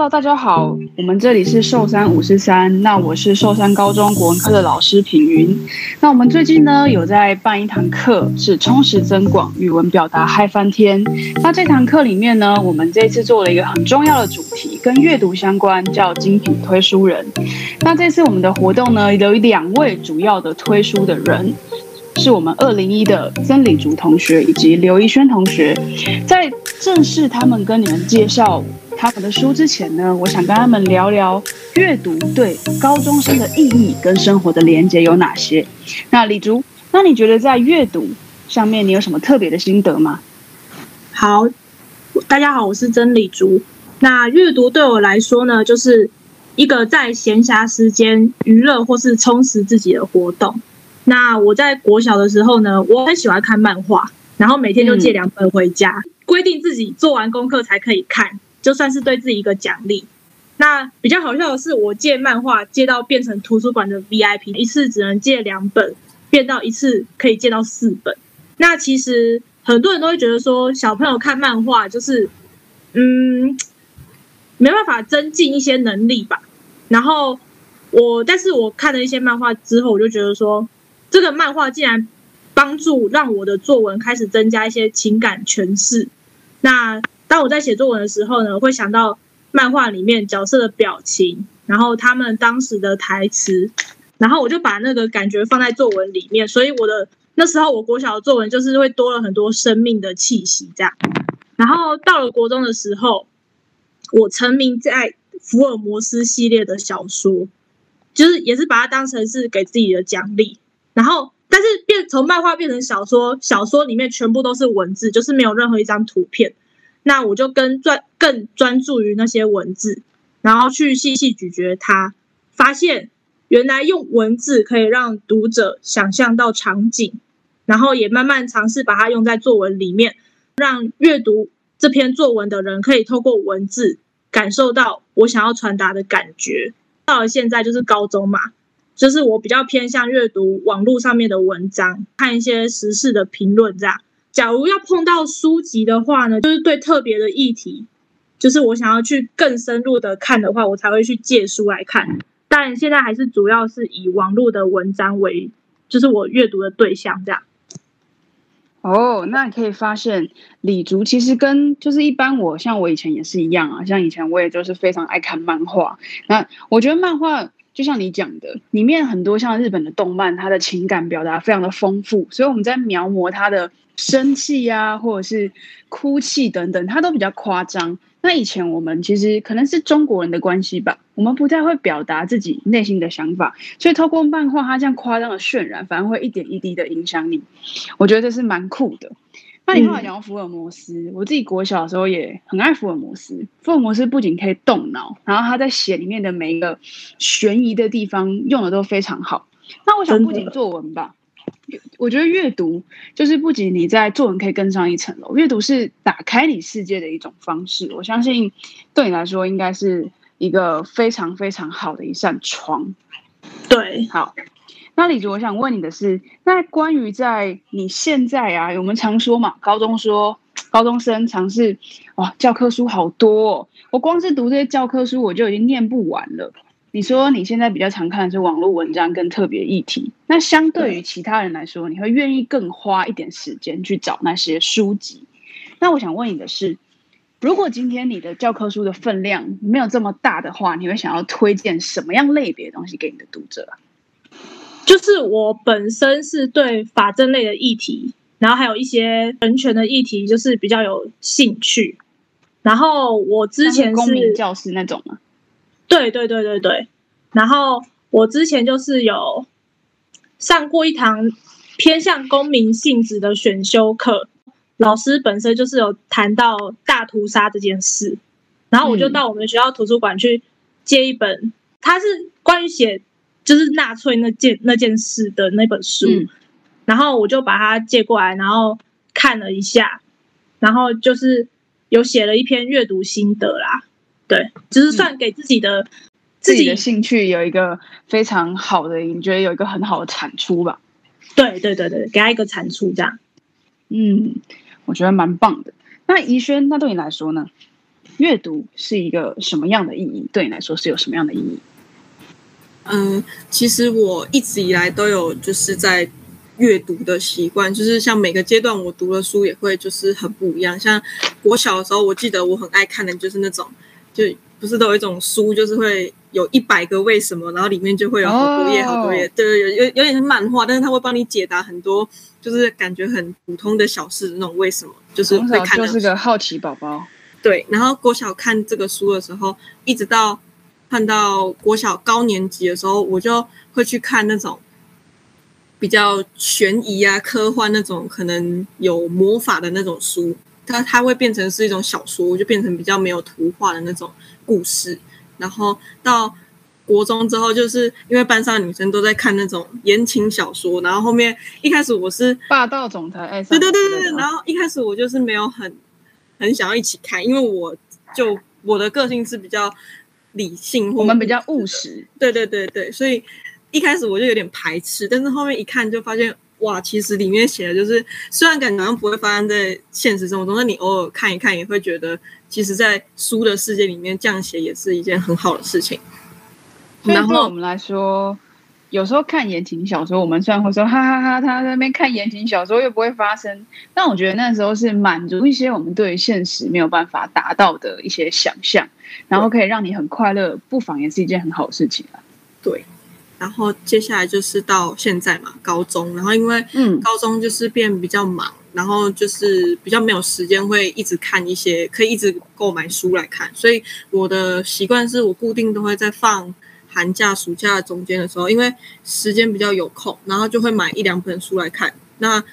哈嘍，大家好，我們這裡是壽山五十三，那我是壽山高中國文科的老師品云。那我們最近呢有在辦一堂課是，是充實增廣語文表達嗨翻天。那這堂課裡面呢，我們這次做了一個很重要的主題，跟閱讀相關，叫精品推書人。那這次我們的活動呢，有兩位主要的推書的人，是我們二零一的曾豊築同學以及劉頤軒同學，在正式他們跟你們介紹。他們推書之前呢，我想跟他們聊聊閱讀對高中生的意義跟生活的連接有哪些。那豊築，那你覺得在閱讀上面你有什麼特別的心得嗎？好，大家好，我是曾豊築。那閱讀對我來說呢，就是一個在閒暇時間娛樂或是充實自己的活動。那我在國小的時候呢，我很喜歡看漫畫，然後每天就借兩本回家，規、嗯、定自己做完功課才可以看。就算是對自己一個獎勵，那比較好笑的是，我借漫畫借到變成圖書館的 VIP，一次只能借兩本，變到一次可以借到四本。那其實很多人都會覺得說，小朋友看漫畫就是，嗯，沒辦法增進一些能力吧。然後我，但是我看了一些漫畫之後，我就覺得說，這個漫畫竟然幫助讓我的作文開始增加一些情感詮釋。那。當我在寫作文的時候呢，我會想到漫畫裡面角色的表情，然後他們當時的台詞，然後我就把那個感覺放在作文裡面，所以我的那時候我國小的作文就是會多了很多生命的氣息這樣。然後到了國中的時候，我沉迷在福爾摩斯系列的小說，就是也是把它當成是給自己的獎勵。然後，但是變從漫畫變成小說，小說裡面全部都是文字，就是沒有任何一張圖片。那我就更專更專注於那些文字，然後去細細咀嚼它，發現原來用文字可以讓讀者想象到場景，然後也慢慢嘗試把它用在作文裡面，讓閱讀這篇作文的人可以透過文字感受到我想要傳達的感覺。到了現在就是高中嘛，就是我比較偏向閱讀網絡上面的文章，看一些時事的評論這樣。假如要碰到書籍的話呢，就是對特別的議題，就是我想要去更深入的看的話，我才會去借書來看。但現在還是主要是以網絡的文章為，就是我閱讀的對象這樣。哦，那你可以發現李竹其實跟就是一般我像我以前也是一樣啊，像以前我也就是非常愛看漫畫。那我覺得漫畫就像你講的，裡面很多像日本的動漫，它的情感表達非常的豐富，所以我們在描摹它的。生氣呀、啊，或者是哭泣等等，他都比較誇張。那以前我們其實可能是中國人的關係吧，我們不太會表達自己內心的想法，所以透過漫畫，他這樣誇張的渲染，反而會一點一滴的影響你。我覺得這是蠻酷的。那你再聊福爾摩斯，嗯、我自己國小的時候也很愛福爾摩斯。福爾摩斯不僅可以動腦，然後他在寫裡面的每一個懸疑的地方用的都非常好。那我想不僅作文吧。我覺得閱讀就是不僅你在作文可以更上一層樓，閱讀是打開你世界的一種方式。我相信對你來說應該是一個非常非常好的一扇窗。對，好。那李卓，我想問你的是，那關於在你現在啊，我們常說嘛，高中說高中生常是哇，教科書好多哦，我光是讀這些教科書我就已經念不完了。你說你現在比較常看的是網絡文章，跟特別議題。那相對於其他人來說，對你會願意更花一點時間去找那些書籍。那我想問你的是，如果今天你的教科書的分量沒有這麼大的話，你會想要推薦什麼樣類別的東西給你的讀者啊？就是我本身是對法政類的議題，然後還有一些人權的議題，就是比較有興趣。然後我之前是，是公民教師那種嘛。對對對對對，然後我之前就是有上過一堂偏向公民性質的選修課，老師本身就是有談到大屠殺這件事，然後我就到我們學校圖書館去借一本，他、嗯、是關於寫就是納粹那件那件事的那本書，嗯、然後我就把它借過來，然後看了一下，然後就是有寫了一篇閱讀心得啦。對，就是算給自己的、嗯、自己、自己的興趣有一個非常好的，你覺得有一個很好的產出吧？對，對，對，對，給他一個產出，這樣。嗯，我覺得蠻棒的。那頤軒，那對你來說呢？閱讀是一個什麼樣的意義？對你來說是有什麼樣的意義？嗯，其實我一直以來都有就是在閱讀的習慣，就是像每個階段我讀的書也會就是很不一樣。像我小的時候，我記得我很愛看的就是那種。就不是都有一種書，就是會有一百個為什麼，然後裡面就會有好多頁，oh. 好多頁，對，有有有點漫畫，但是它會幫你解答很多，就是感覺很普通的小事那種為什麼，就是會看到就是個好奇寶寶，對。然後國小看這個書的時候，一直到看到國小高年級的時候，我就會去看那種比較懸疑啊、科幻那種，可能有魔法的那種書。它它會變成是一種小說，就變成比較沒有圖畫的那種故事。然後到國中之後，就是因為班上女生都在看那種言情小說，然後後面一開始我是霸道總裁愛上。對對對對，然後一開始我就是沒有很很想要一起看，因為我就我的個性是比較理性，我們比較務實。對對對對，所以一開始我就有點排斥，但是後面一看就發現。哇，其實裡面寫的就是，雖然感覺不會發生在現實生活中，但你偶爾看一看，也會覺得，其實，在書的世界裡面這樣寫也是一件很好的事情。然後我們來說，有時候看言情小說，我們雖然會說哈哈哈哈，他在那邊看言情小說又不會發生，但我覺得那時候是滿足一些我們對現實沒有辦法達到的一些想象，然後可以讓你很快樂，對不妨也是一件很好的事情啊。對。然後接下來就是到現在嘛，高中。然後因為高中就是變比較忙，嗯，然後就是比較沒有時間會一直看一些，可以一直購買書來看。所以我的習慣是我固定都會在放寒假、暑假中間的時候，因為時間比較有空，然後就會買一兩本書來看。那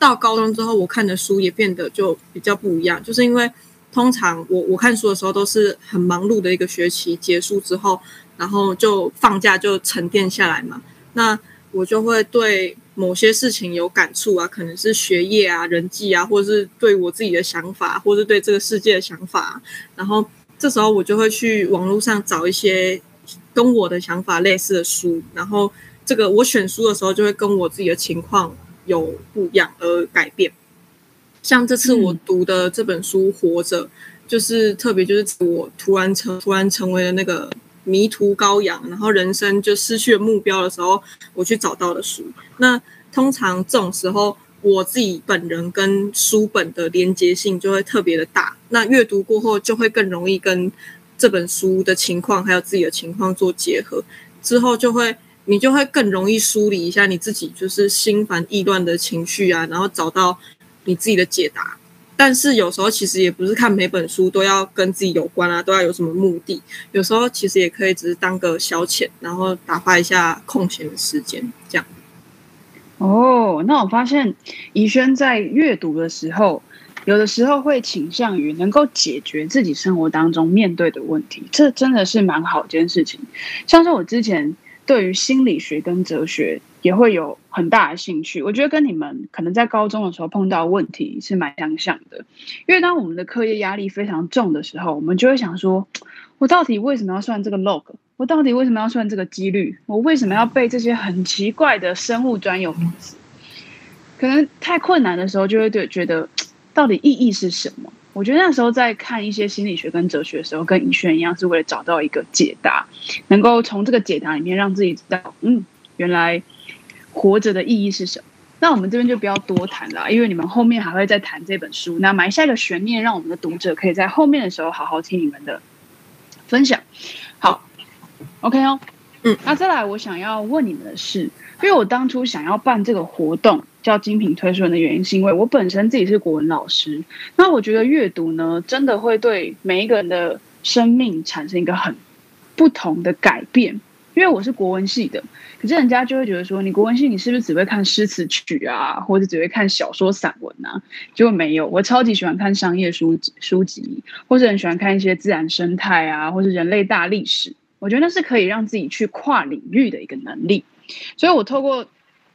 到高中之後，我看的書也變得就比較不一樣，就是因為通常我我看書的時候都是很忙碌的一個學期結束之後。然後就放假就沉澱下來嘛，那我就會對某些事情有感觸啊，可能是學業啊、人際啊，或者是對我自己的想法，或者是對這個世界的想法啊。然後這時候我就會去網絡上找一些跟我的想法類似的書，然後這個我選書的時候就會跟我自己的情況有不一樣而改變。像這次我讀的這本書《活着》，嗯、就是特別就是我突然成突然成為了那個。迷途羔羊，然後人生就失去了目標的時候，我去找到的書。那通常這種時候，我自己本人跟書本的連結性就會特別的大。那閱讀過後，就會更容易跟這本書的情況，還有自己的情況做結合，之後就會你就會更容易梳理一下你自己就是心煩意亂的情緒啊，然後找到你自己的解答。但是有時候其實也不是看每本書都要跟自己有關啊，都要有什麼目的。有時候其實也可以只是當個消遣，然後打發一下空閒的時間這樣。哦，那我發現頤軒在閱讀的時候，有的時候會傾向於能夠解決自己生活當中面對的問題，這真的是蠻好一件事情。像是我之前對於心理學跟哲學。也會有很大的興趣，我覺得跟你們可能在高中的時候碰到問題是蠻相像的，因為當我們的課業壓力非常重的時候，我們就會想說，我到底為什麼要算這個 log？我到底為什麼要算這個幾率？我為什麼要背這些很奇怪的生物專有名詞？可能太困難的時候，就會對覺得到底意義是什麼？我覺得那時候在看一些心理學跟哲學的時候，跟頤軒一樣，是為了找到一個解答，能夠從這個解答裡面讓自己知道，嗯，原來。活着的意義是什麼？那我們這邊就不要多談了，因為你們後面還會再談這本書。那埋下一個懸念，讓我們的讀者可以在後面的時候好好聽你們的分享。好，OK 哦，嗯，那再來，我想要問你們的是，因為我當初想要辦這個活動叫精品推書人的原因，是因為我本身自己是國文老師，那我覺得閱讀呢，真的會對每一個人的生命產生一個很不同的改變。因為我是國文系的，可是人家就會覺得說，你國文系你是不是只會看詩詞曲啊，或者只會看小說散文啊？結果沒有，我超級喜歡看商業書書籍，或者很喜歡看一些自然生態啊，或是人類大歷史。我覺得那是可以讓自己去跨領域的一個能力，所以我透過……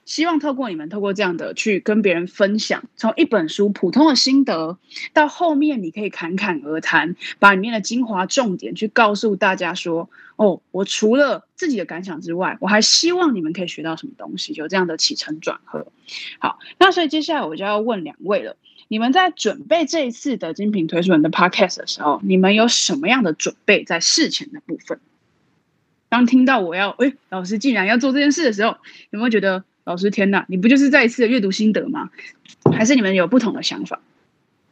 希望透過你們，透過這樣的去跟別人分享，從一本書普通的心得，到後面你可以侃侃而談，把裡面的精華重點去告訴大家說：“哦，我除了自己的感想之外，我還希望你們可以學到什麼東西。”就這樣的起承轉合。好，那所以接下來我就要問兩位了：你們在準備這一次的精品推書人的 podcast 的時候，你們有什麼樣的準備在事前的部分？當聽到我要哎、欸，老師竟然要做這件事的時候，有沒有覺得？老師，天哪！你不就是再一次的閱讀心得嗎？還是你們有不同的想法？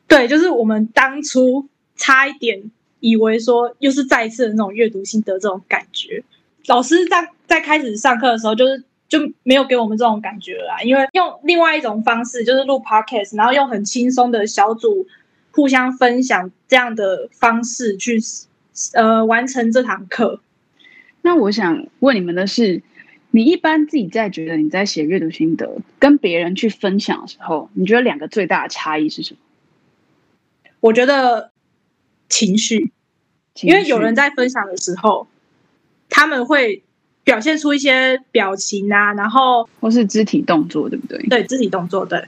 對，就是我們當初差一點以為說又是再一次的那種閱讀心得這種感覺。老師在在開始上課的時候，就是就沒有給我們這種感覺了啦，因為用另外一種方式，就是錄 Podcast，然後用很輕鬆的小組互相分享這樣的方式去呃完成這堂課。那我想問你們的是。你一般自己在覺得你在寫閱讀心得跟別人去分享的時候，你覺得兩個最大的差異是什麼？我覺得情緒，情緒，因為有人在分享的時候，他們會表現出一些表情啊，然後或是肢體動作，對不對？對，肢體動作，對，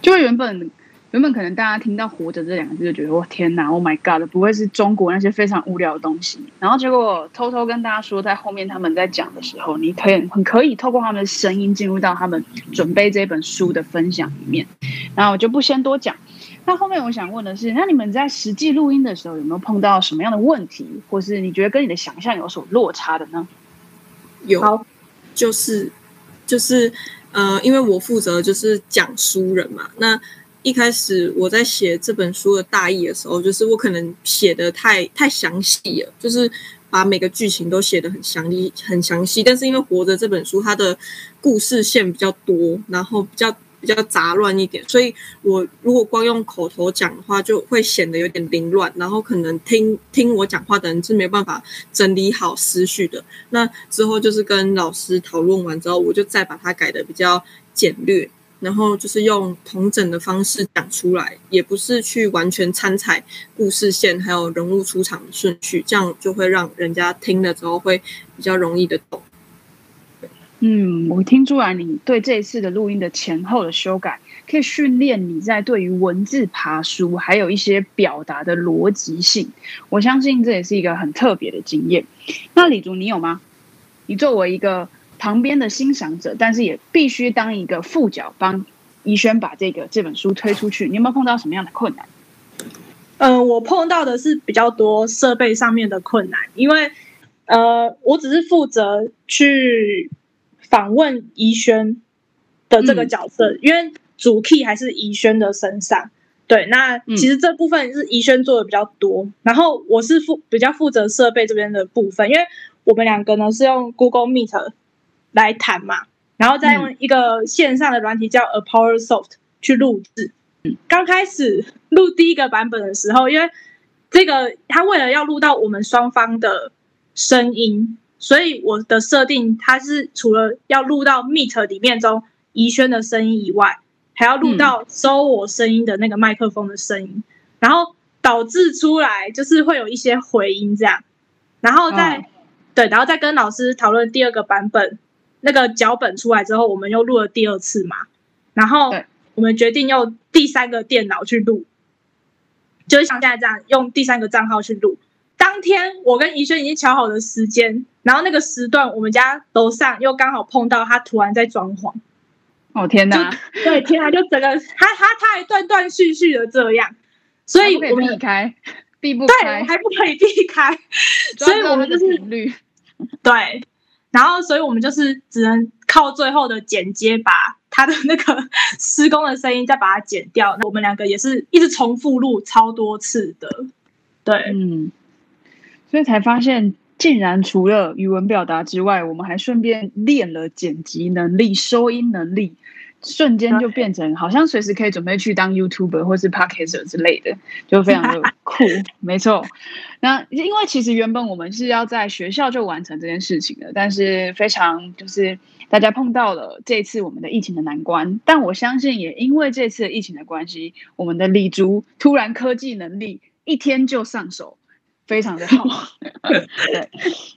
就原本。原本可能大家聽到“活着”這兩個字，就覺得“哇天哪，Oh my God”，不會是中國那些非常無聊的東西。然後結果偷偷跟大家說，在後面他們在講的時候，你可以很可以透過他們的聲音進入到他們準備這本書的分享裡面。然後我就不先多講。那後面我想問的是，那你們在實際錄音的時候有沒有碰到什麼樣的問題，或是你覺得跟你的想象有所落差的呢？有好、就是，就是就是呃，因為我負責就是講書人嘛，那。一開始我在寫這本書的大意的時候，就是我可能寫得太太詳細了，就是把每個劇情都寫得很詳細、很詳細。但是因為《活着》這本書它的故事線比較多，然後比較比較雜亂一點，所以我如果光用口頭講的話，就會顯得有點凌亂，然後可能聽聽我講話的人是沒辦法整理好思緒的。那之後就是跟老師討論完之後，我就再把它改得比較簡略。然後就是用統整的方式講出來，也不是去完全參採故事線，還有人物出場的順序，這樣就會讓人家聽了之後會比較容易的懂。嗯，我聽出來你對這一次的錄音的前後的修改，可以訓練你在對於文字爬梳，還有一些表達的邏輯性。我相信這也是一個很特別的經驗。那豊築，你有嗎？你作為一個。旁邊的欣賞者，但是也必須當一個副角，幫頤軒把這個這本書推出去。你有沒有碰到什麼樣的困難？嗯、呃，我碰到的是比較多設備上面的困難，因為呃，我只是負責去訪問頤軒的這個角色，嗯、因為主 key 還是頤軒的身上。對，那其實這部分是頤軒做的比較多，然後我是負比較負責設備這邊的部分，因為我們兩個呢是用 Google Meet。來談嘛，然後再用一個線上的軟體叫 ApowerSoft 去錄制。嗯，剛開始錄第一個版本的時候，因為這個他為了要錄到我們雙方的聲音，所以我的設定它是除了要錄到 Meet 裡面中頤軒的聲音以外，還要錄到收我聲音的那個麥克風的聲音，嗯、然後導致出來就是會有一些回音這樣。然後再、哦、對，然後再跟老師討論第二個版本。那個腳本出來之後，我們又錄了第二次嘛，然後我們決定用第三個電腦去錄，就是像現在這樣用第三個賬號去錄。當天我跟頤軒已經敲好了時間，然後那個時段我們家樓上又剛好碰到他突然在裝潢。哦天哪！對天哪！就整個他他他還斷斷續續的這樣，所以我們避開，避不開，還不可以避開，所以我們就是對。然後，所以我們就是只能靠最後的剪接，把他的那個施工的聲音再把它剪掉。那我們兩個也是一直重複錄超多次的，對，嗯，所以才發現，竟然除了語文表達之外，我們還順便練了剪輯能力、收音能力。瞬間就變成好像隨時可以準備去當 YouTuber 或是 Podcaster 之類的，就非常的酷。 沒錯，那因為其實原本我們是要在學校就完成這件事情的，但是非常就是大家碰到了這次我們的疫情的難關。但我相信，也因為這次的疫情的關係，我們的李珠突然科技能力一天就上手。非常的好， 對，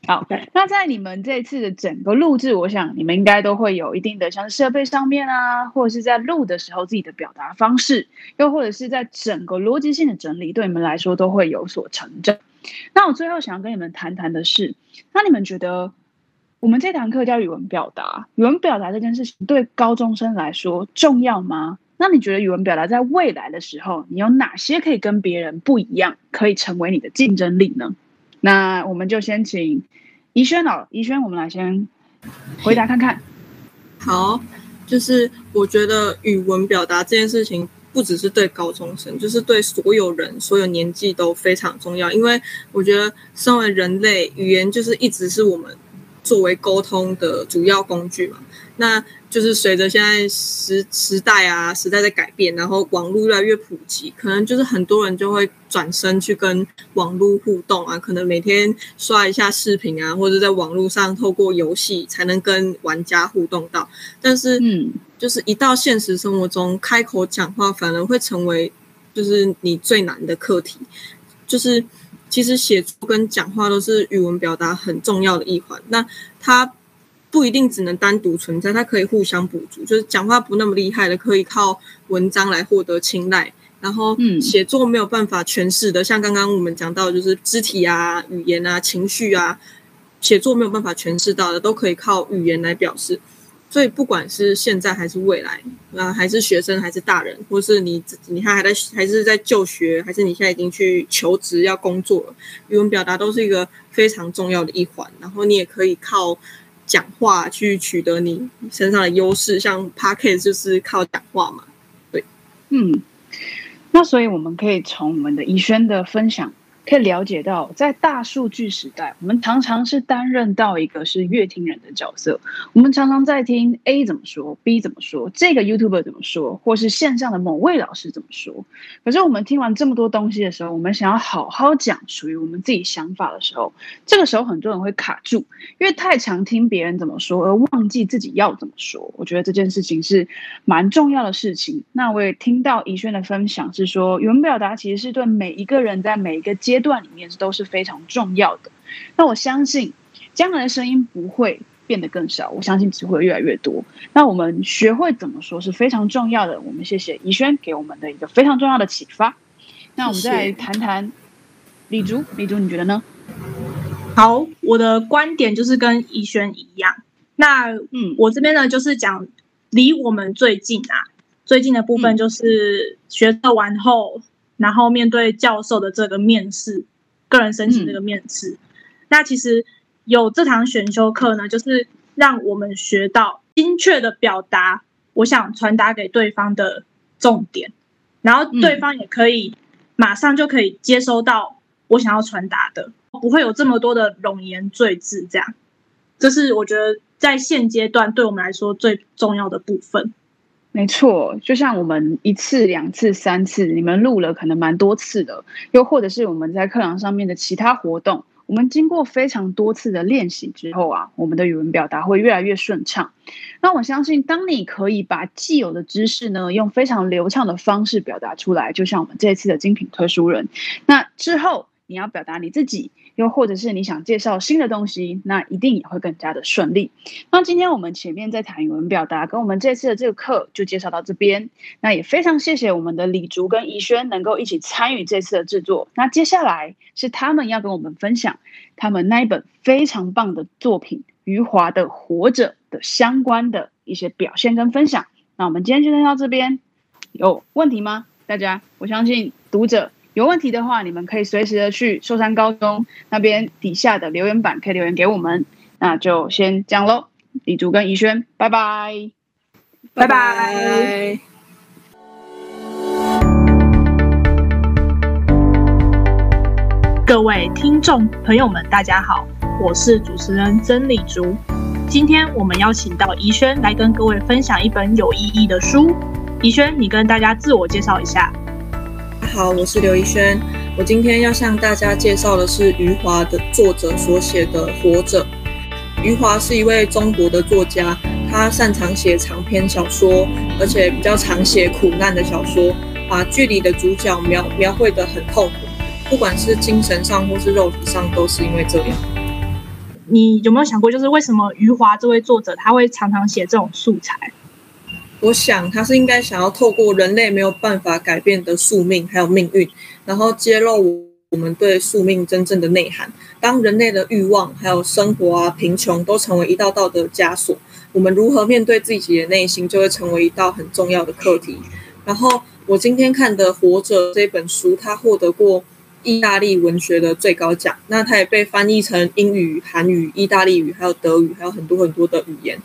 好。那在你們這次的整個錄製，我想你們應該都會有一定的，像設備上面啊，或者是在錄的時候自己的表達方式，又或者是在整個邏輯性的整理，對你們來說都會有所成長。那我最後想要跟你們談談的是，那你們覺得我們這堂課叫語文表達，語文表達這件事情對高中生來說重要嗎？那你覺得語文表達在未來的時候，你有哪些可以跟別人不一樣，可以成為你的競爭力呢？那我們就先請頤軒哦，頤軒，我們來先回答看看。好，就是我覺得語文表達這件事情，不只是對高中生，就是對所有人，所有年紀都非常重要。因為我覺得，身為人類，語言就是一直是我們作為溝通的主要工具嘛。那就是隨着現在時時代啊時代的改變，然後網絡越來越普及，可能就是很多人就會轉身去跟網絡互動啊，可能每天刷一下視頻啊，或者在網絡上透過遊戲才能跟玩家互動到。但是，嗯，就是一到現實生活中，嗯，開口講話，反而會成為就是你最難的課題。就是其實寫作跟講話都是語文表達很重要的一環。那他。不一定只能單獨存在，它可以互相補足。就是講話不那麼厲害的，可以靠文章來獲得青睞。然後，寫作沒有辦法詮釋的，嗯、像剛剛我們講到，就是肢體啊、語言啊、情緒啊，寫作沒有辦法詮釋到的，都可以靠語言來表示。所以，不管是現在還是未來，啊，還是學生還是大人，或是你，你還還在還是在就學，還是你現在已經去求職要工作了，語文表達都是一個非常重要的一環。然後，你也可以靠。講話去取得你身上的優勢，像 Podcast 就是靠講話嘛，對，嗯，那所以我們可以從我們的頤軒的分享。可以了解到，在大數據時代，我們常常是擔任到一個是閱聽人的角色。我們常常在聽 A 怎麼說，B 怎麼說，這個 YouTuber 怎麼說，或是線上的某位老師怎麼說。可是我們聽完這麼多東西的時候，我們想要好好講屬於我們自己想法的時候，這個時候很多人會卡住，因為太常聽別人怎麼說，而忘記自己要怎麼說。我覺得這件事情是蠻重要的事情。那我也聽到頤軒的分享是說，語文表達其實是對每一個人在每一個階段裡面是都是非常重要的。那我相信將來的聲音不會變得更少，我相信只會越來越多。那我們學會怎麼說是非常重要的。我們謝謝頤軒給我們的一個非常重要的啟發。那我們再談談豊築，謝謝豊築，豊築你覺得呢？好，我的觀點就是跟頤軒一樣。那嗯，我這邊呢就是講離我們最近啊，最近的部分就是學到完後。嗯然後面對教授的這個面試，個人申請的這個面試，嗯、那其實有這堂選修課呢，就是讓我們學到精確的表達，我想傳達給對方的重點，然後對方也可以馬上就可以接收到我想要傳達的，嗯、不會有這麼多的冗言贅字，這樣，這是我覺得在現階段對我們來說最重要的部分。沒錯，就像我們一次、兩次、三次，你們錄了可能蠻多次的，又或者是我們在課堂上面的其他活動，我們經過非常多次的練習之後啊，我們的語文表達會越來越順暢。那我相信，當你可以把既有的知識呢，用非常流暢的方式表達出來，就像我們這一次的精品推書人，那之後你要表達你自己。又或者是你想介紹新的東西，那一定也會更加的順利。那今天我們前面在談語文表達，跟我們這次的這個課就介紹到這邊。那也非常謝謝我們的豊築跟頤軒能夠一起參與這次的制作。那接下來是他們要跟我們分享他們那一本非常棒的作品余華的《活著》，的相關的一些表現跟分享。那我們今天就先到這邊，有問題嗎？大家，我相信讀者。有問題的話，你們可以隨時的去壽山高中那邊底下的留言板，可以留言給我們。那就先這樣嘍，豊築跟頤軒，拜拜，拜拜 bye。各位聽眾朋友們，大家好，我是主持人曾豊築。今天我們邀請到頤軒來跟各位分享一本有意義的書。頤軒，你跟大家自我介紹一下。好，我是劉頤軒。我今天要向大家介紹的是余華的作者所寫的《活着》。余華是一位中國的作家，他擅長寫長篇小說，而且比較常寫苦難的小說，把劇裡的主角描描繪得很透。不管是精神上或是肉體上，都是因為這樣。你有沒有想過，就是為什麼余華這位作者他會常常寫這種素材？我想，他是應該想要透過人類沒有辦法改變的宿命，還有命運，然後揭露我們對宿命真正的內涵。當人類的慾望，還有生活啊、貧窮，都成為一道道的枷鎖，我們如何面對自己的內心，就會成為一道很重要的課題。然後，我今天看的《活着》這本書，它獲得過意大利文學的最高獎，那它也被翻譯成英語、韓語、意大利語，還有德語，還有很多很多的語言。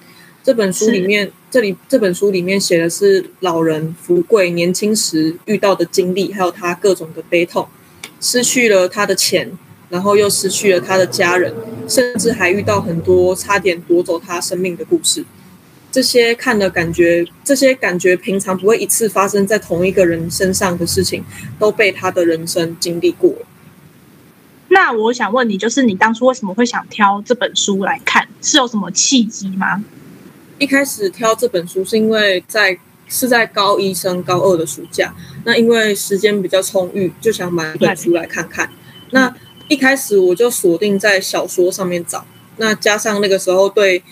這本書裡面，這裡這本書裡面寫的是老人福貴年輕時遇到的經歷，還有他各種的悲痛，失去了他的錢，然後又失去了他的家人，甚至還遇到很多差點奪走他生命的故事。這些看的感覺，這些感覺平常不會一次發生在同一個人身上的事情，都被他的人生經歷過。那我想問你，就是你當初為什麼會想挑這本書來看，是有什麼契機嗎？一開始挑這本書是因為在是在高一升高二的暑假，那因為時間比較充裕，就想買一本書來看看。那一開始我就鎖定在小說上面找，那加上那個時候對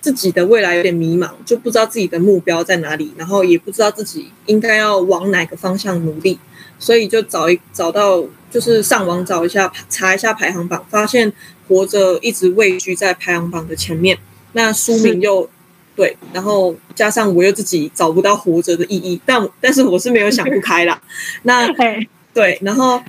自己的未來有點迷茫，就不知道自己的目標在哪裡，然後也不知道自己應該要往哪個方向努力，所以就找一找到就是上網找一下查一下排行榜，發現活着一直位居在排行榜的前面。那書名又。對，然後加上我又自己找不到活着的意義，但但是我是沒有想不開啦。 那對，然後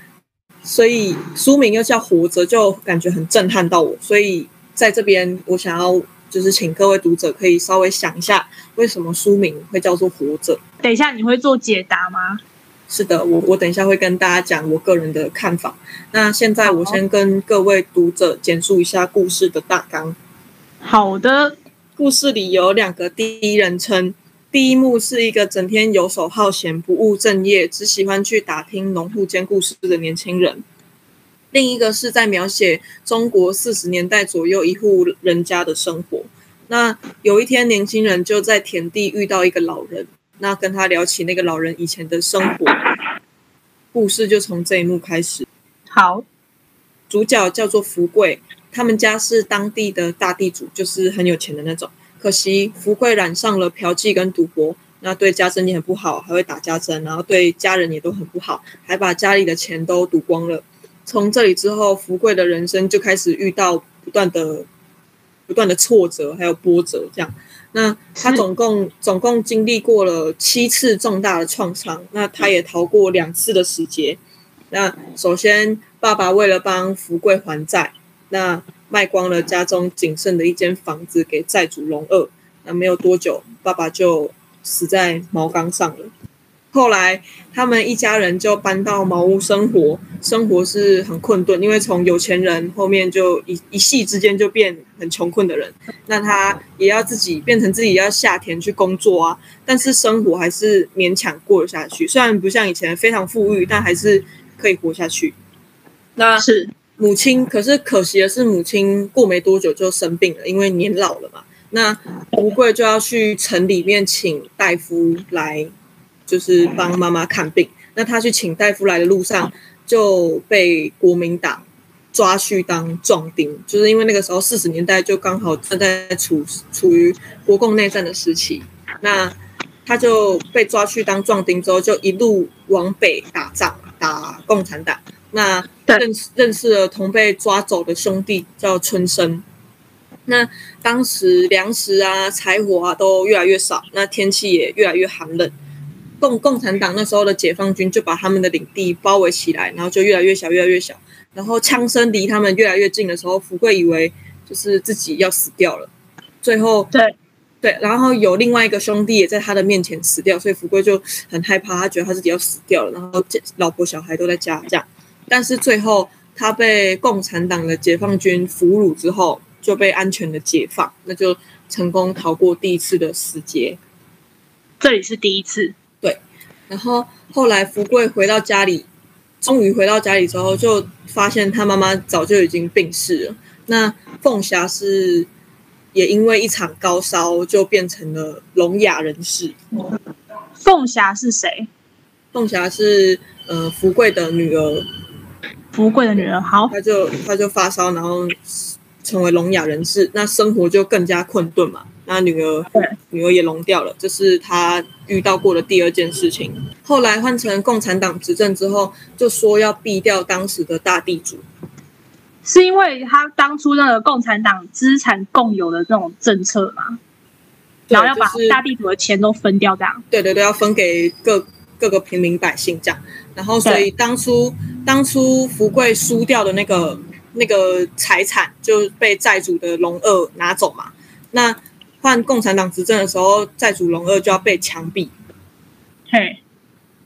所以書名又叫《活着》，就感覺很震撼到我。所以在這邊，我想要就是請各位讀者可以稍微想一下，為什麼書名會叫做《活着》？等一下你會做解答嗎？是的，我我等一下會跟大家講我個人的看法。那現在我先跟各位讀者簡述一下故事的大綱。好的。故事裡有兩個第一人稱，第一幕是一個整天游手好閒、不務正業，只喜歡去打聽農戶間故事的年輕人；另一個是在描寫中國四十年代左右一戶人家的生活。那有一天，年輕人就在田地遇到一個老人，那跟他聊起那個老人以前的生活。故事就從這一幕開始。好，主角叫做福貴。他們家是當地的大地主，就是很有錢的那種。可惜福貴染上了嫖妓跟賭博，那對家珍也很不好，還會打家珍，然後對家人也都很不好，還把家裡的錢都賭光了。從這裡之後，福貴的人生就開始遇到不斷的、不斷的挫折還有波折。這樣，那他總共是總共經歷過了七次重大的創傷，那他也逃過兩次的死劫。那首先，爸爸為了幫福貴還債，那賣光了家中僅剩的一間房子給債主龍二，那沒有多久，爸爸就死在茅缸上了。後來他們一家人就搬到茅屋生活，生活是很困頓，因為從有錢人後面就一一夕之間，就變很窮困的人。那他也要自己變成自己要下田去工作啊，但是生活還是勉強過下去。雖然不像以前非常富裕，但還是可以活下去。那是。母親，可是可惜的是，母親過沒多久就生病了，因為年老了嘛。那吳貴就要去城裡面請大夫來，就是幫媽媽看病。那他去請大夫來的路上，就被國民黨抓去當壯丁，就是因為那個時候四十年代就剛好正在處處於國共內戰的時期。那他就被抓去當壯丁之後，就一路往北打仗，打共產黨。那認對認識了同被抓走的兄弟叫春生。那當時糧食啊、柴火啊都越來越少，那天氣也越來越寒冷。共共產黨那時候的解放軍就把他們的領地包圍起來，然後就越來越小，越來越小。然後槍聲離他們越來越近的時候，福貴以為就是自己要死掉了。最後，對對，然後有另外一個兄弟也在他的面前死掉，所以福貴就很害怕，他覺得他自己要死掉了。然後老婆小孩都在家，這樣。但是最後，他被共產黨的解放軍俘虜之後，就被安全的解放，那就成功逃過第一次的死劫。這裡是第一次，對。然後後來，福貴回到家裡，終於回到家裡之後，就發現他媽媽早就已經病逝了。那鳳霞是也因為一場高燒就變成了聾啞人士。嗯，鳳霞是誰？鳳霞是呃，福貴的女兒。福貴的女兒好，她就她就發燒，然後成為聾啞人士，那生活就更加困頓嘛。那女兒對女兒也聾掉了，這、就是她遇到過的第二件事情。後來換成共產黨執政之後，就說要斃掉當時的大地主，是因為他當初那個共產黨資產共有的這種政策嘛，對然後要把大地主的錢都分掉，這樣、就是、對，對對對，要分給各各個平民百姓這樣。然後，所以當初對當初福貴輸掉的那個那個財產就被債主的龍二拿走嘛。那換共產黨執政的時候，債主龍二就要被槍斃。嘿對，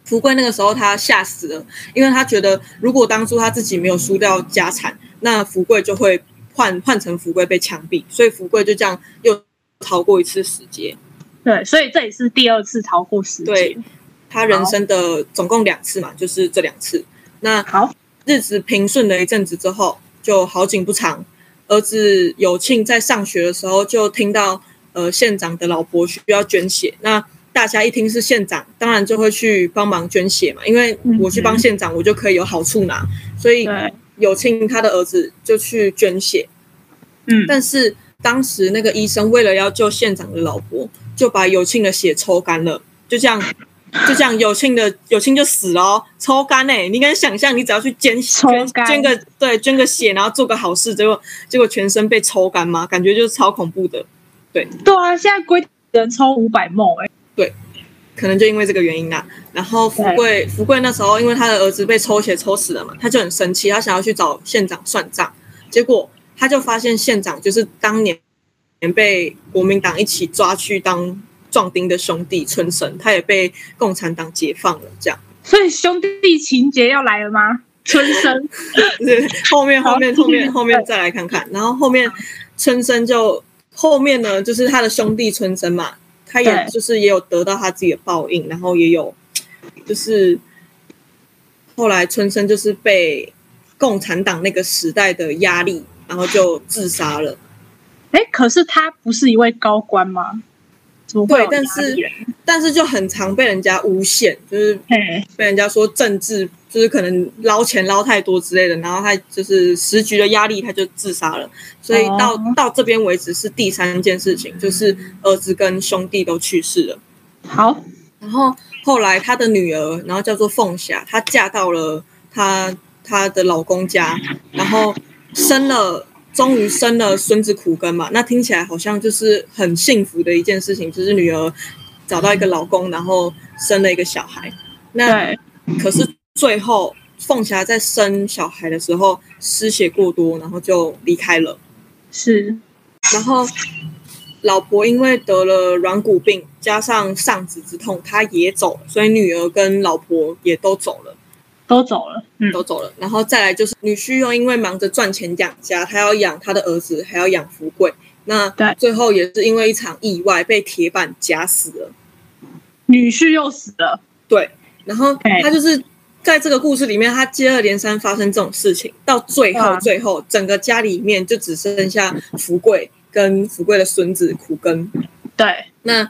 福貴那個時候他嚇死了，因為他覺得如果當初他自己沒有輸掉家產，那福貴就會換換成福貴被槍斃。所以福貴就這樣又逃過一次死劫。對，所以這也是第二次逃過死劫。對他人生的總共兩次嘛，好就是這兩次。那日子平順了一陣子之後，就好景不長。兒子有慶在上學的時候，就聽到呃縣長的老婆需要捐血。那大家一聽是縣長，當然就會去幫忙捐血嘛。因為我去幫縣長，我就可以有好處拿。嗯、哼所以有慶他的兒子就去捐血。嗯對，但是當時那個醫生為了要救縣長的老婆，就把有慶的血抽乾了，就這樣。就像有慶的有慶就死了、哦，抽乾哎、欸！你敢想象你只要去捐干捐捐個對捐個血，然後做個好事，結果結果全身被抽乾嗎？感覺就是超恐怖的。對對啊，現在規定人抽五百毫升哎。對，可能就因為這個原因啦。然後福貴對福貴那時候，因為他的兒子被抽血抽死了嘛，他就很生氣，他想要去找縣長算賬。結果他就發現縣長就是當年被國民黨一起抓去當。壯丁的兄弟春生，他也被共產黨解放了，這樣，所以兄弟情節要來了嗎？春生， 後面後面後面後面再來看看，對然後後面春生就後面呢，就是他的兄弟春生嘛，他也就是也有得到他自己的報應，對然後也有就是後來春生就是被共產黨那個時代的壓力，然後就自殺了。哎、欸，可是他不是一位高官嗎？對，但是但是就很常被人家誣陷，就是被人家說政治，就是可能撈錢撈太多之類的，然後他就是時局的壓力，他就自殺了。所以到、啊、到這邊為止是第三件事情，就是兒子跟兄弟都去世了。嗯、好，然後後來他的女兒，然後叫做鳳霞，她嫁到了她她的老公家，然後生了。終於生了孫子苦根嘛，那聽起來好像就是很幸福的一件事情，就是女兒找到一個老公，然後生了一個小孩。那對可是最後鳳霞在生小孩的時候失血過多，然後就離開了。是，然後老婆因為得了軟骨病，加上喪子之痛，她也走了，所以女兒跟老婆也都走了。都走了，嗯，都走了。然後再來就是女婿，又因為忙着賺錢養家，他要養他的兒子，還要養福貴。那對，最後也是因為一場意外被鐵板夾死了。女婿又死了，對。然後他就是在這個故事裡面，他接二連三發生這種事情，到最後，最後整個家裡面就只剩下福貴跟福貴的孫子苦根。對，那。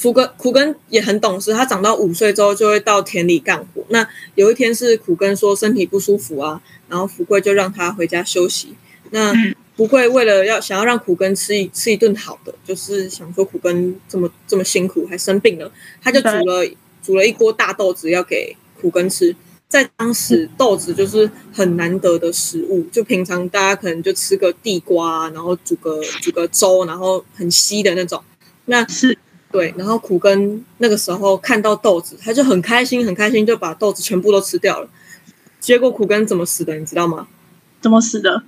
苦根，苦根也很懂事，他長到五歲之後就會到田裡幹活。那有一天是苦根說身體不舒服啊，然後福貴就讓他回家休息。那福貴為了要想要讓苦根吃一吃一頓好的，就是想說苦根這麼這麼辛苦還生病了，他就煮了煮了一鍋大豆子要給苦根吃。在當時豆子就是很難得的食物，就平常大家可能就吃個地瓜啊，然後煮個煮個粥，然後很稀的那種。那是。對，然後苦根那個時候看到豆子，他就很開心，很開心就把豆子全部都吃掉了。結果苦根怎麼死的，你知道嗎？怎麼死的？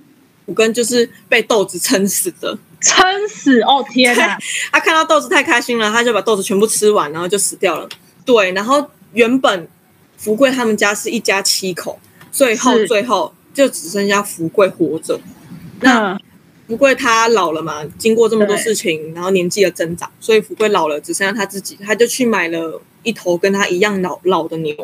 苦根就是被豆子撐死的。撐死哦，天哪！他，他看到豆子太開心了，他就把豆子全部吃完，然後就死掉了。對，然後原本福貴他們家是一家七口，最後最後就只剩下福貴活着。那。福貴他老了嘛，經過這麼多事情，對然後年紀的增長，所以福貴老了只剩下他自己，他就去買了一頭跟他一樣老老的牛，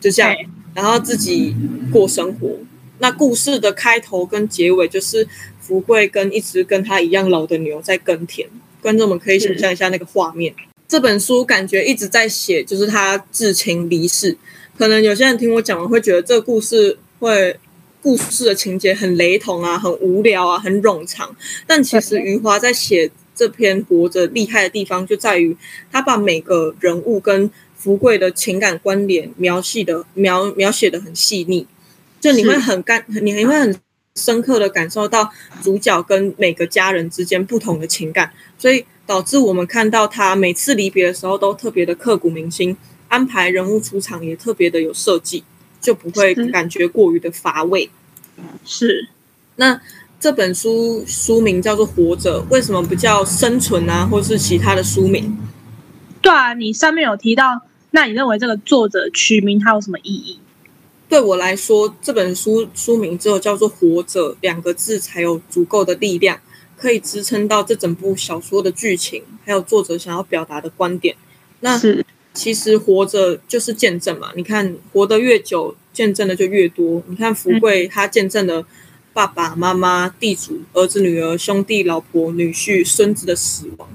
就這樣，對然後自己過生活。那故事的開頭跟結尾就是福貴跟一隻跟他一樣老的牛在耕田，觀眾們可以想象一下那個畫面。是這本書感覺一直在寫，就是他至親離世，可能有些人聽我講完會覺得這個故事會。故事的情節很雷同啊，很無聊啊，很冗長。但其實余華在寫這篇《活着》厲害的地方就在於，他把每個人物跟福貴的情感關聯描寫的描描寫的很細膩，就你會很干，你是你會很深刻的感受到主角跟每個家人之間不同的情感，所以導致我們看到他每次離別的時候都特別的刻骨銘心，安排人物出場也特別的有設計，就不會感覺過於的乏味。是，那這本書書名叫做《活着》，為什麼不叫《生存》啊，或是其他的書名？對啊，你上面有提到，那你認為這個作者取名它有什麼意義？對我來說，這本書書名只有叫做“活着”兩個字才有足夠的力量，可以支撐到這整部小說的劇情，還有作者想要表達的觀點。那是其實“活着”就是見證嘛，你看活得越久。見證的就越多。你看福貴，他見證了爸爸媽媽、地主、兒子、女兒、兄弟、老婆、女婿、孫子的死亡。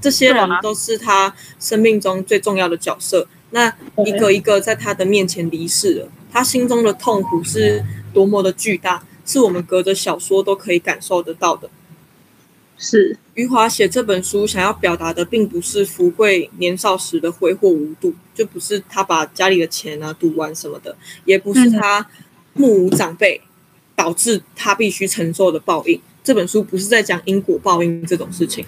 這些人都是他生命中最重要的角色，那一個一個在他的面前離世了，他心中的痛苦是多麼的巨大，是我們隔着小說都可以感受得到的。是，余華寫這本書想要表達的，並不是福貴年少時的揮霍無度，就不是他把家裡的錢啊賭完什麼的，也不是他目無長輩，導致他必須承受的報應。這本書不是在講因果報應這種事情。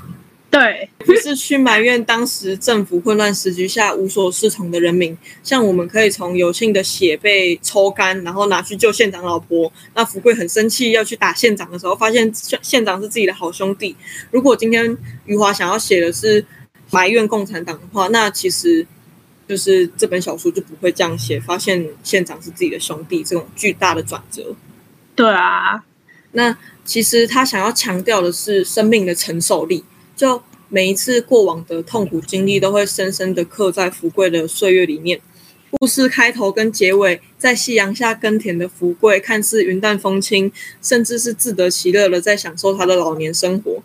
對，不是去埋怨當時政府混亂時局下無所適從的人民，像我們可以從有慶的血被抽乾，然後拿去救縣長老婆，那福貴很生氣要去打縣長的時候，發現縣縣長是自己的好兄弟。如果今天余華想要寫的是埋怨共產黨的話，那其實就是這本小說就不會這樣寫，發現縣長是自己的兄弟這種巨大的轉折。對啊，那其實他想要強調的是生命的承受力。就每一次過往的痛苦經歷，都會深深的刻在福貴的歲月裡面。故事開頭跟結尾，在夕陽下耕田的福貴，看似雲淡風輕，甚至是自得其樂的在享受他的老年生活。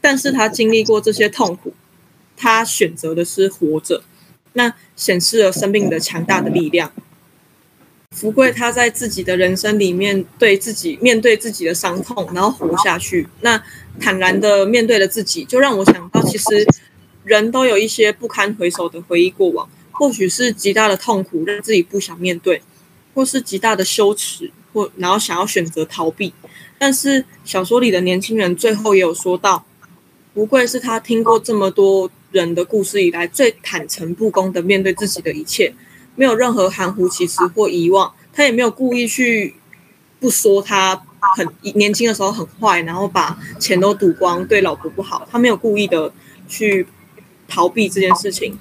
但是他經歷過這些痛苦，他選擇的是活着，那顯示了生命的強大的力量。福貴他在自己的人生裡面對自己，面對自己的傷痛，然後活下去。那坦然的面對了自己，就讓我想到，其實人都有一些不堪回首的回憶過往，或許是極大的痛苦，讓自己不想面對，或是極大的羞恥，或然後想要選擇逃避。但是小說裡的年輕人最後也有說到，福貴是他聽過這麼多人的故事以來，最坦誠不公的面對自己的一切。沒有任何含糊其辭或遺忘，他也沒有故意去不說他很年輕的時候很壞，然後把錢都賭光，對老婆不好。他沒有故意的去逃避這件事情。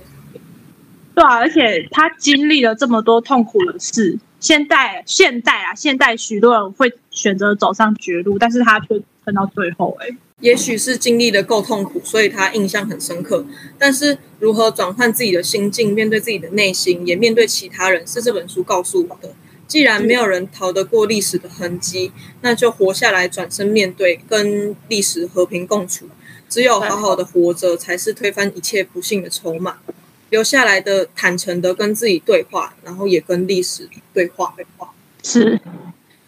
對啊，而且他經歷了這麼多痛苦的事，現在現在啊，現在許多人會選擇走上絕路，但是他卻撐到最後，欸，也許是經歷的夠痛苦，所以他印象很深刻。但是如何轉換自己的心境，面對自己的內心，也面對其他人，是這本書告訴我的。既然沒有人逃得過歷史的痕跡，那就活下來，轉身面對，跟歷史和平共處。只有好好的活着，才是推翻一切不幸的籌碼。留下來的，坦誠的跟自己對話，然後也跟歷史對話對話。是。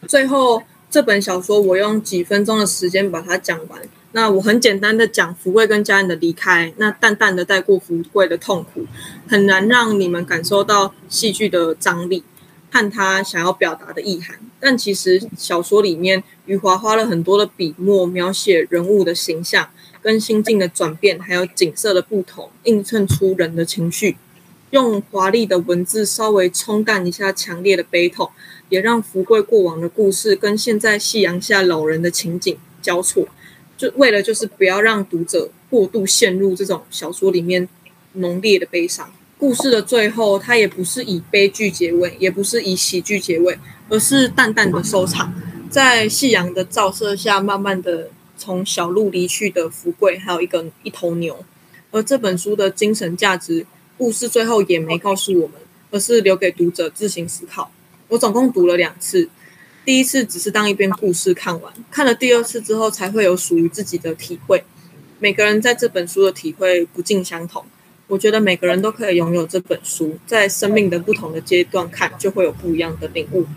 最後這本小說，我用幾分鐘的時間把它講完。那我很簡單的講福貴跟家人的離開，那淡淡的帶過福貴的痛苦，很難讓你們感受到戲劇的張力和他想要表達的意涵。但其實小說裡面余華花了很多的筆墨描寫人物的形象跟心境的轉變，還有景色的不同，映襯出人的情緒，用華麗的文字稍微沖淡一下強烈的悲痛，也讓福貴過往的故事跟現在夕陽下老人的情景交錯。就為了就是不要讓讀者過度陷入這種小說裡面濃烈的悲傷，故事的最後，它也不是以悲劇結尾，也不是以喜劇結尾，而是淡淡的收場，在夕陽的照射下，慢慢的從小路離去的福貴，還有一個一頭牛。而這本書的精神價值，故事最後也沒告訴我們，而是留給讀者自行思考。我總共讀了兩次。第一次只是當一遍故事看完，看了第二次之後才會有屬於自己的體會。每個人在這本書的體會不盡相同，我覺得每個人都可以擁有這本書，在生命的不同的階段看，就會有不一樣的領悟。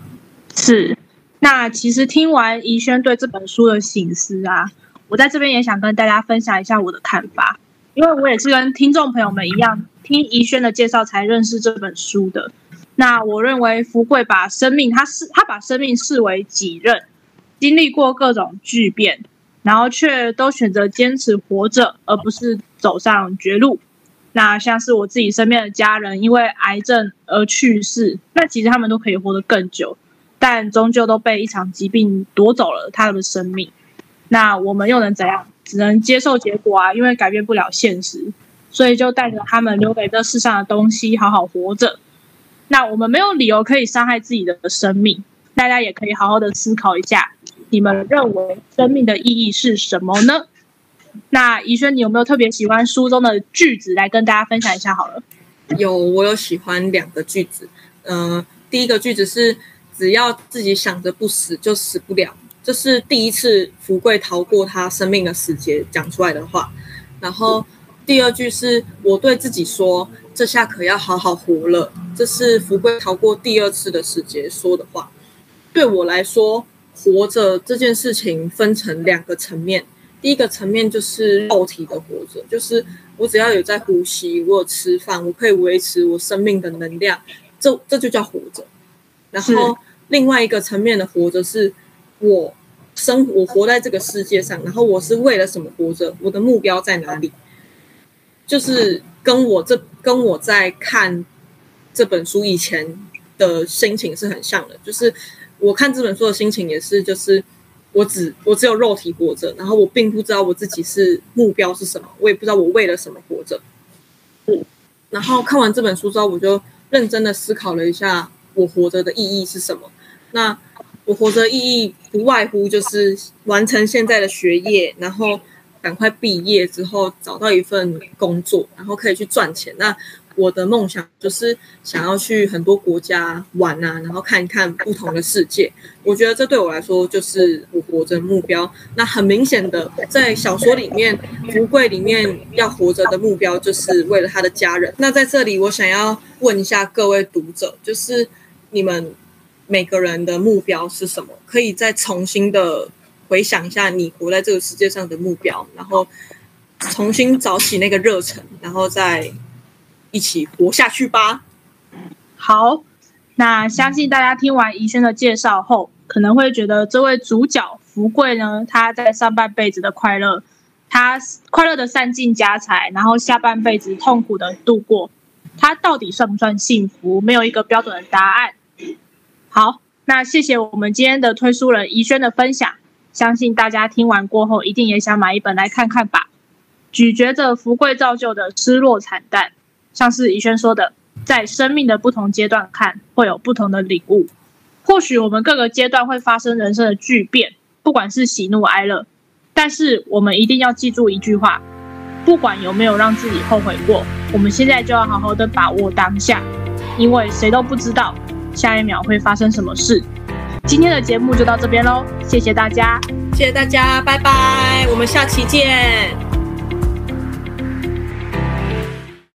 是，那其實聽完頤軒對這本書的省思啊，我在這邊也想跟大家分享一下我的看法，因為我也是跟聽眾朋友們一樣，聽頤軒的介紹才認識這本書的。那我認為福貴把生命，他是他把生命視為己任。經歷過各種巨變，然後卻都選擇堅持活着，而不是走上絕路。那像是我自己身邊的家人，因為癌症而去世，那其實他們都可以活得更久，但終究都被一場疾病奪走了他們的生命。那我們又能怎樣？只能接受結果啊，因為改變不了現實，所以就帶着他們留給這世上的東西，好好活着。那我們沒有理由可以傷害自己的生命。大家也可以好好的思考一下，你們認為生命的意義是什麼呢？那頤軒，你有沒有特別喜歡書中的句子來跟大家分享一下？好了，有，我有喜歡兩個句子，嗯、呃，第一個句子是“只要自己想着不死，就死不了”，這、就是第一次福貴逃過他生命的死劫講出來的話，然後。嗯第二句是我對自己說：“這下可要好好活了。”這是福貴逃過第二次的死劫說的話。對我來說，活着這件事情分成兩個層面。第一個層面就是肉體的活着，就是我只要有在呼吸，我有吃飯，我可以維持我生命的能量，這這就叫活着。然後是另外一個層面的活着是，我生活我活在這個世界上，然後我是為了什麼活着？我的目標在哪裡？就是跟我這跟我在看這本書以前的心情是很像的。就是我看這本書的心情也是，就是我只我只有肉體活着，然後我並不知道我自己是目標是什麼，我也不知道我為了什麼活着。嗯，然後看完這本書之後，我就認真的思考了一下我活着的意義是什麼。那我活着意義不外乎就是完成現在的學業，然後。趕快畢業之後找到一份工作，然後可以去賺錢。那我的夢想就是想要去很多國家玩啊，然後看一看不同的世界。我覺得這對我來說就是我活着的目標。那很明顯的，在小說裡面，福貴裡面要活着的目標就是為了他的家人。那在這裡，我想要問一下各位讀者，就是你們每個人的目標是什麼？可以再重新的。回想一下你活在這個世界上的目標，然後重新找起那個熱忱，然後再一起活下去吧。好，那相信大家聽完頤軒的介紹後，可能會覺得這位主角福貴呢，他在上半輩子的快樂，他快樂的散盡家財，然後下半輩子痛苦的度過，他到底算不算幸福？沒有一個標準的答案。好，那謝謝我們今天的推書人頤軒的分享。相信大家聽完過後，一定也想買一本來看看吧。咀嚼着福貴造就的失落慘淡，像是頤軒說的，在生命的不同階段看，會有不同的領悟。或許我們各個階段會發生人生的巨變，不管是喜怒哀樂，但是我們一定要記住一句話：不管有沒有讓自己後悔過，我們現在就要好好的把握當下，因為誰都不知道下一秒會發生什麼事。今天的節目就到這邊嘍，謝謝大家，謝謝大家，拜拜，我們下期見。